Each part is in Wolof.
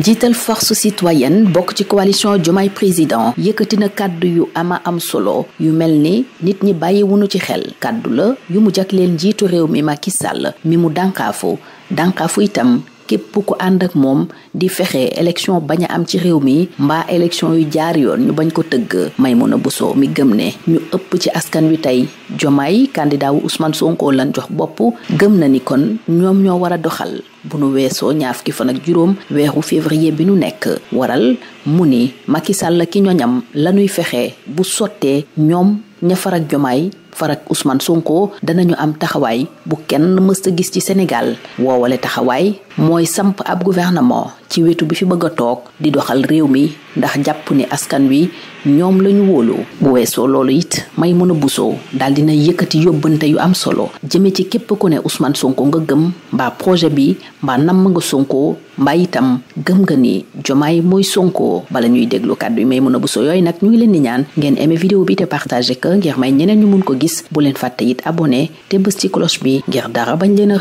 jiital force citoyenne bokk ci coalition Diomaye président yëkkati na kàddu yu ama am solo yu mel ni nit ñi bàyyi wunu ci xel kàddu la yu mu leen njiitu réew mi ma ki sàll mi mu dànkaafu dànkaafu itam képp ku ànd ak moom di fexe élection bañ am ci réew mi mbaa élection yu jaar yoon ñu bañ ko tëgg bu Bousso mi gëm ne ñu ëpp ci askan wi tey Diomaye candidat wu Ousmane Sonko lan jox bopp gëm na ni kon ñoom ñoo war a doxal bu nu weesoo ñaar fukki fan ak juróom weeru février bi nu nekk waral mu ni Macky Sall ki ñoñam lañuy fexe bu sottee ñoom ña farak jomaay farak Ousmane Sonko danañu am taxawaay bu kenn mësta gis ci Sénégal woowale taxawaay mooy samp ab gouvernement ci wetu bi fi bëgg a toog di doxal réew mi ndax jàpp ni askan wi ñoom lañu wóolu bu weesoo loolu it may mën a busoo daal dina yëkkati yóbbante yu am solo jëme ci képp ku ne Ousmane Sonko nga gëm mbaa projet bi mbaa namm nga Sonko mbaa itam gëm nga ni jomaay mooy Sonko bala ñuy déglu kàddu yi may mën a busoo yooyu nag ñu ngi leen di ñaan ngeen aimé vidéo bi te partagé ko ngir may ñeneen ñu mun ko gis bu leen fàtte it abonné te bës ci cloche bi ngir dara bañ leen a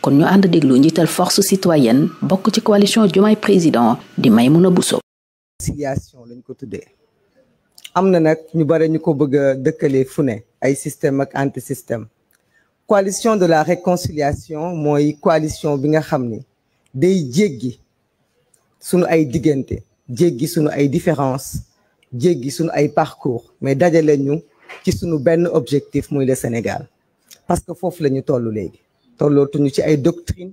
kon ñu ànd déglu njiital force citoyenne bokk ci coalition maï président di Maïmouna Bousso conciliation le ko tuddee am na nag ñu bare ñu bëgg a dëkkale ay système ak anti système coalition de la réconciliation moi, coalition bi nga xam ni day jéggi sunu ay diggante jéggi sunu ay différence jéggi sunu ay parcours mais dajale ñu ci sunu ben objectif moi le Sénégal parce que foofu la ñu toll léegi tollootuñu ci ay doctrine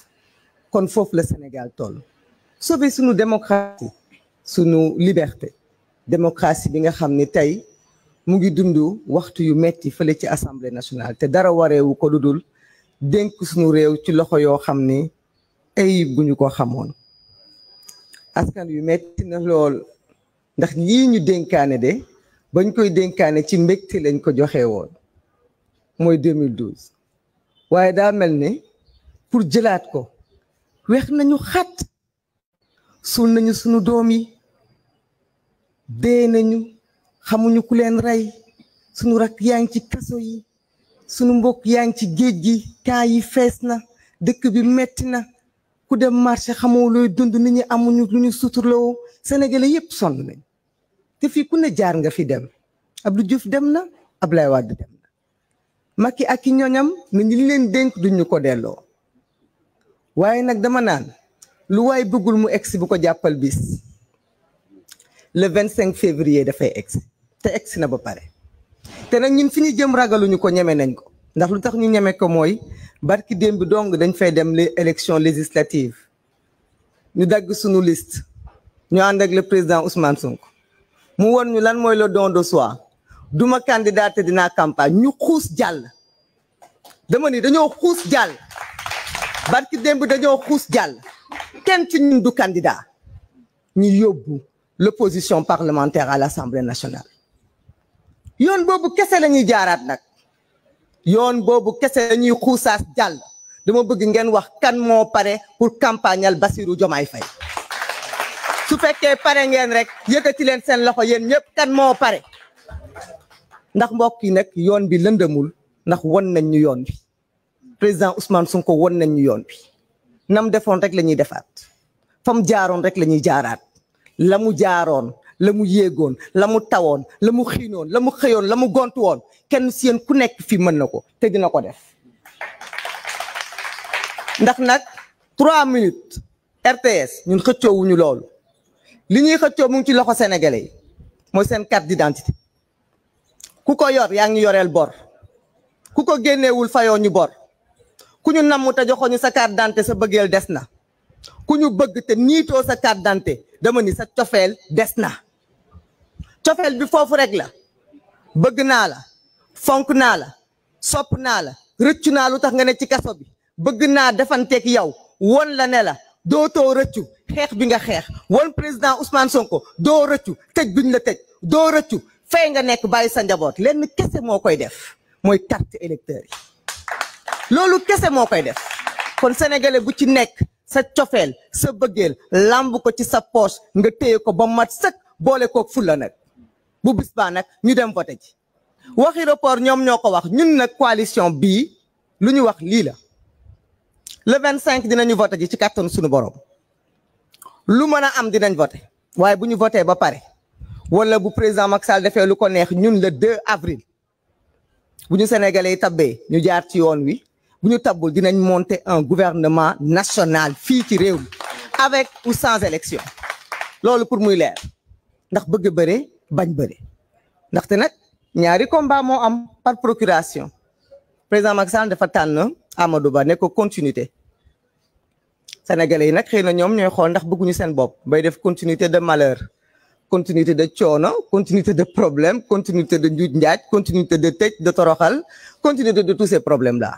kon foofu la Sénégal toll sauver sunu démocratie sunu liberté démocratie bi nga xam ne tey mu ngi dundu waxtu yu metti fële ci assemblée nationale te dara wareewu ko lu dul dénk sunu réew ci loxo yoo xam ni ay bu ñu ko xamoon askan yu metti na lool ndax lii ñu dénkaane de bañ koy dénkaane ci mbégte lañ ko joxe woon mooy 2012 waaye daa mel ne pour jëlaat ko weex nañu xat suul nañu sunu doom yi dee nañu xamuñu ku leen rey sunu rakk yaa ngi ci kaso yi sunu mbokk yaa ngi ci géej gi kaa yi fees na dëkk bi metti na ku dem marché xamoo looy dund nit ñi amuñu lu ñu suturloo Sénégalais yëpp sonn nañ te fii ku ne jaar nga fi dem Abdou Diouf dem na Ablaye Wade dem na Macky ak i ñoñam ni ñu leen dénk duñu ko delloo waaye nag dama naan lu waay bëggul mu egsi bu ko jàppal bis le vingt cinq février dafay egsi te egsi na ba pare te nag ñun fi ñu jëm ragaluñu ko ñeme nañ ko ndax lu tax ñu ñeme ko mooy barki démb dong dañ fay dem les élections ñu dagg suñu list ñu ànd ak le président Ousmane Sonko mu won ñu lan mooy le don de soi duma candidat dinaa campagne ñu xuus jàll dama ni dañoo xuus jàll barki démb dañoo xuus jàll kenn ci ñun du candidat ñu yóbbu l'opposition parlementaire à l'Assemblée nationale yoon boobu kese lañuy jaaraat nag yoon boobu kese lañuy ñuy xuusaas jàll dama bëgg ngeen wax kan moo pare pour campagnal bassiru Diomaye fay su fekkee pare ngeen rek yëkkati leen seen loxo yéen ñëpp kan moo pare ndax mbokk yi nag yoon bi lëndëmul ndax won nañ ñu yoon bi président Ousmane Sonko won nañ ñu yoon bi nam defoon rek la ñuy defaat fa mu jaaroon rek la ñuy jaaraat la mu jaaroon la mu yéegoon la mu tawoon la mu xiinoon la mu xëyoon la mu gontu woon kenn si ku nekk fii mën na ko te dina ko def ndax nag trois minutes RTS ñun xëccoowuñu loolu li ñuy xëccoo mu ci loxo sénégalais mooy seen carte ku ko yor yaa ngi yoreel bor ku ko génnewul fayoon ñu bor ku ñu namm te joxoñu sa carte d'identité sa bëggeel des na ku ñu bëgg te niitoo sa carte d'identité dama ni sa cofeel des na cofeel bi foofu rek la bëgg naa la fonk naa la sopp naa la rëccu naa lu tax nga ne ci kaso bi bëgg naa defanteek yow won la ne la doo too rëccu xeex bi nga xeex won président Ousmane Sonko doo rëccu tëj biñ la tëj doo rëccu fay nga nekk bàyyi sa njaboot lenn kese moo koy def mooy carte électeur yi loolu kese moo koy def kon sénégalais bu ci nekk sa cofeel sa bëggeel làmb ko ci sa poos nga téye ko ba mat sëkk boole koog fulla nag bu bis baa nag ñu dem vote ji waxi report ñoom ñoo ko wax ñun nag coalition bii lu ñu wax lii la le 25 dinañu vote ji ci kàttanu suñu borom lu mën a am dinañ vote waaye bu ñu voté ba pare wala bu président Macky Sall defee lu ko neex ñun la 2 avril bu ñu sénégalais yi tabbee ñu jaar ci yoon wi Nous tabou dinañ monter un gouvernement national fi ci avec ou sans élection lolu pour muy lèr ndax bëgg bëre bañ ndax té nak ñaari combat mo am par procuration président Macky Sall dafa tànn Amadou Ba ne ko continuité sénégalais yi nag xëy na ñoom ñooy xool ndax bëgguñu seen bay def continuité de malheur continuité de coono continuité de problème continuité de njuuj continuité de tête de toroxal continuité de tous ces problèmes là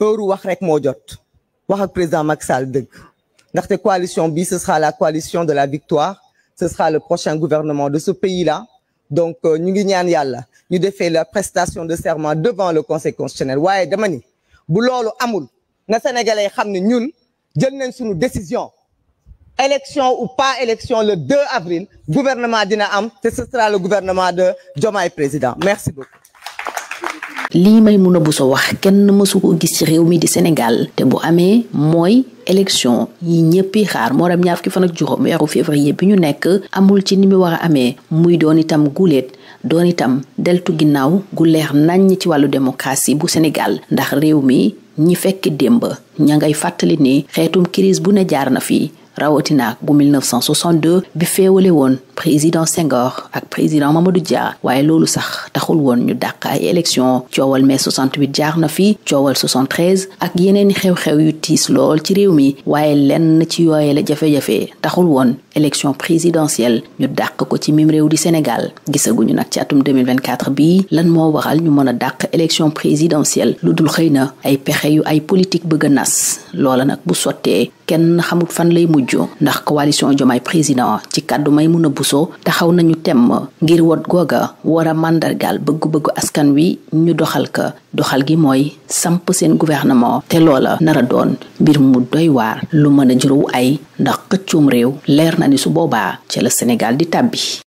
heure wax rek mo jot wax ak président Macky Sall ndax té coalition bi ce sera la coalition de la victoire ce sera le prochain gouvernement de ce pays là donc euh, ñu ngi ñaan yalla ñu défé la prestation de serment devant le conseil constitutionnel Oui, dama ni bu lolu amul na sénégalais xam ñun jël nañ suñu décision élection ou pas élection le 2 avril gouvernement dina am ce sera le gouvernement de Diomaye président merci beaucoup lii Maimouna Bousso wax kenn mësu koo gis ci réew mi di Sénégal te bu amee mooy élection yi ñëpp xaar moo dem ñaar fan ak juróom weeru février ñu nekk amul ci ni mu wax a amee muy doon itam guléet doon itam deltu ginnaaw gu leex leer ñi ci wàllu démocratie bu Sénégal ndax réew mi ñi fekk démb ña ngay fàttali ni xeetum crise bu ne jaar na fi rawatina bu 1962 bi féewale woon président Senghor ak président Mamadou Dia waye lolu sax taxul won ñu dakk ay élection ciowal mai 68 jaar na fi ciowal 73 ak yeneen xew-xew yu tiis lool ci réew mi waye lenn ci yooye la jafe taxul won élection présidentielle ñu dakk ko ci mim réew di Sénégal gisaguñu nak ci atum 2024 bi lan mo waral ñu mëna dakk élection présidentielle ludul xeyna ay yu ay politique bëgg nas loola nak bu soté kenn xamut fan lay mujj ndax coalition président ci kàddu Maïmouna Bousso taxaw nañu temm ngir wot googa war a màndargaal bëgg bëggu askan wi ñu doxal ko doxal gi mooy samp seen gouvernement te loola nar a doon mbir mu doy waar lu mën a jurówu ay ndax xëccoom réew leer na ni su boobaa ci la Sénégal di tàbbi